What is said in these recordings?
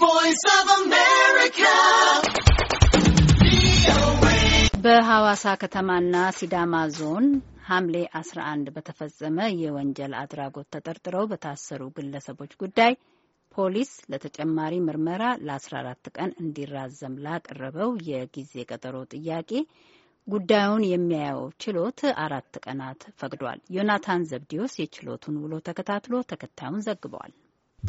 ቮይስ በሐዋሳ ከተማና ሲዳማ ዞን ሐምሌ 11 በተፈጸመ የወንጀል አድራጎት ተጠርጥረው በታሰሩ ግለሰቦች ጉዳይ ፖሊስ ለተጨማሪ ምርመራ ለ14 ቀን እንዲራዘም ላቀረበው የጊዜ ቀጠሮ ጥያቄ ጉዳዩን የሚያየው ችሎት አራት ቀናት ፈቅዷል። ዮናታን ዘብዲዮስ የችሎቱን ውሎ ተከታትሎ ተከታዩን ዘግበዋል።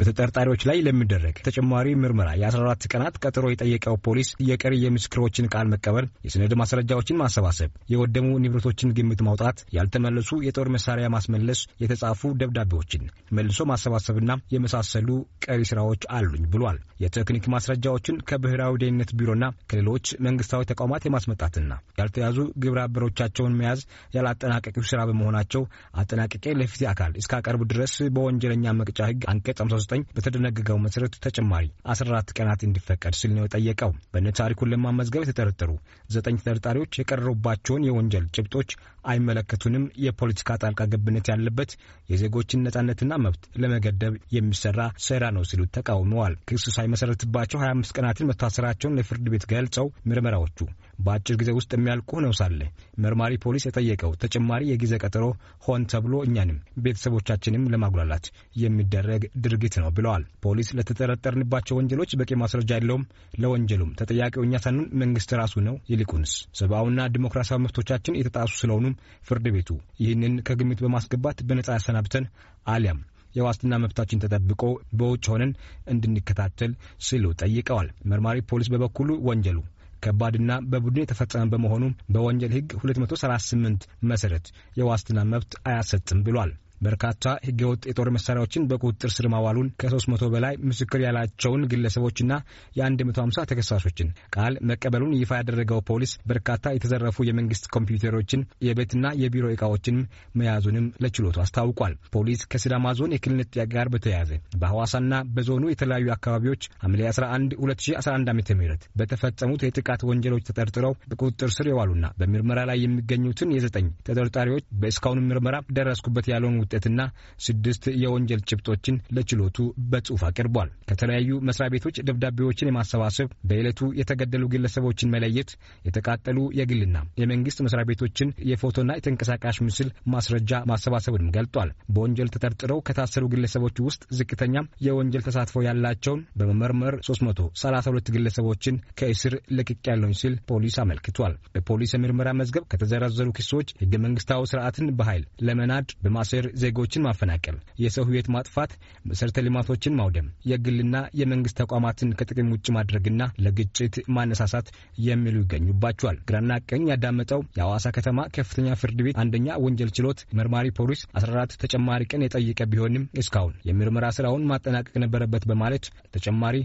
በተጠርጣሪዎች ላይ ለሚደረግ ተጨማሪ ምርመራ የ14 ቀናት ቀጠሮ የጠየቀው ፖሊስ የቀሪ የምስክሮችን ቃል መቀበል፣ የሰነድ ማስረጃዎችን ማሰባሰብ፣ የወደሙ ንብረቶችን ግምት ማውጣት፣ ያልተመለሱ የጦር መሳሪያ ማስመለስ፣ የተጻፉ ደብዳቤዎችን መልሶ ማሰባሰብና የመሳሰሉ ቀሪ ስራዎች አሉኝ ብሏል። የቴክኒክ ማስረጃዎችን ከብሔራዊ ደህንነት ቢሮና ከሌሎች መንግስታዊ ተቋማት የማስመጣትና ያልተያዙ ግብረ አበሮቻቸውን መያዝ ያላጠናቀቂው ስራ በመሆናቸው አጠናቅቄ ለፊት አካል እስካቀርብ ድረስ በወንጀለኛ መቅጫ ህግ አንቀጽ 19 በተደነገገው መሰረት ተጨማሪ 14 ቀናት እንዲፈቀድ ሲል ነው የጠየቀው። በነ ታሪኩን ለማመዝገብ የተጠረጠሩ ዘጠኝ ተጠርጣሪዎች የቀረቡባቸውን የወንጀል ጭብጦች አይመለከቱንም፣ የፖለቲካ ጣልቃ ገብነት ያለበት የዜጎችን ነጻነትና መብት ለመገደብ የሚሰራ ሴራ ነው ሲሉ ተቃውመዋል። ክሱ ሳይመሰረትባቸው 25 ቀናትን መታሰራቸውን ለፍርድ ቤት ገልጸው ምርመራዎቹ በአጭር ጊዜ ውስጥ የሚያልቁ ነው ሳለ መርማሪ ፖሊስ የጠየቀው ተጨማሪ የጊዜ ቀጠሮ ሆን ተብሎ እኛንም ቤተሰቦቻችንም ለማጉላላት የሚደረግ ድርጊት ነው ብለዋል። ፖሊስ ለተጠረጠርንባቸው ወንጀሎች በቂ ማስረጃ የለውም፣ ለወንጀሉም ተጠያቂው እኛ ሳንሆን መንግስት ራሱ ነው። ይልቁንስ ሰብአዊና ዲሞክራሲያዊ መብቶቻችን የተጣሱ ስለሆኑም ፍርድ ቤቱ ይህንን ከግምት በማስገባት በነጻ ያሰናብተን አሊያም የዋስትና መብታችን ተጠብቆ በውጭ ሆነን እንድንከታተል ሲሉ ጠይቀዋል። መርማሪ ፖሊስ በበኩሉ ወንጀሉ ከባድና በቡድን የተፈጸመ በመሆኑ በወንጀል ህግ 238 መሰረት የዋስትና መብት አያሰጥም ብሏል። በርካታ ህገወጥ የጦር መሳሪያዎችን በቁጥጥር ስር ማዋሉን ከ300 በላይ ምስክር ያላቸውን ግለሰቦችና የ150 ተከሳሾችን ቃል መቀበሉን ይፋ ያደረገው ፖሊስ በርካታ የተዘረፉ የመንግስት ኮምፒውተሮችን፣ የቤትና የቢሮ እቃዎችን መያዙንም ለችሎቱ አስታውቋል። ፖሊስ ከሲዳማ ዞን የክልልነት ጥያቄ ጋር በተያያዘ በሐዋሳና በዞኑ የተለያዩ አካባቢዎች ሐምሌ 11 2011 ዓ ም በተፈጸሙት የጥቃት ወንጀሎች ተጠርጥረው በቁጥጥር ስር የዋሉና በምርመራ ላይ የሚገኙትን የዘጠኝ ተጠርጣሪዎች በእስካሁን ምርመራ ደረስኩበት ያለውን ውጤትና ስድስት የወንጀል ጭብጦችን ለችሎቱ በጽሑፍ አቅርቧል። ከተለያዩ መስሪያ ቤቶች ደብዳቤዎችን የማሰባሰብ በዕለቱ የተገደሉ ግለሰቦችን መለየት፣ የተቃጠሉ የግልና የመንግስት መስሪያ ቤቶችን የፎቶና የተንቀሳቃሽ ምስል ማስረጃ ማሰባሰብንም ገልጧል። በወንጀል ተጠርጥረው ከታሰሩ ግለሰቦች ውስጥ ዝቅተኛ የወንጀል ተሳትፎ ያላቸውን በመመርመር 332 ግለሰቦችን ከእስር ለቅቅ ያለውን ሲል ፖሊስ አመልክቷል። በፖሊስ የምርመራ መዝገብ ከተዘረዘሩ ክሶች ህገ መንግስታዊ ስርዓትን በኃይል ለመናድ በማሰር ዜጎችን ማፈናቀል፣ የሰው ህይወት ማጥፋት፣ መሠረተ ልማቶችን ማውደም፣ የግልና የመንግስት ተቋማትን ከጥቅም ውጭ ማድረግና ለግጭት ማነሳሳት የሚሉ ይገኙባቸዋል። ግራና ቀኝ ያዳመጠው የአዋሳ ከተማ ከፍተኛ ፍርድ ቤት አንደኛ ወንጀል ችሎት መርማሪ ፖሊስ 14 ተጨማሪ ቀን የጠየቀ ቢሆንም እስካሁን የምርመራ ስራውን ማጠናቀቅ ነበረበት በማለት ተጨማሪ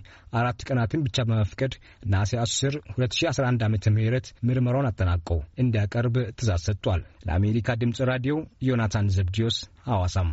አራት ቀናትን ብቻ በመፍቀድ ነሐሴ 10 2011 ዓ ም ምርመራውን አጠናቀው እንዲያቀርብ ትእዛዝ ሰጥቷል። ለአሜሪካ ድምፅ ራዲዮ ዮናታን ዘብዲዮስ ሐዋሳም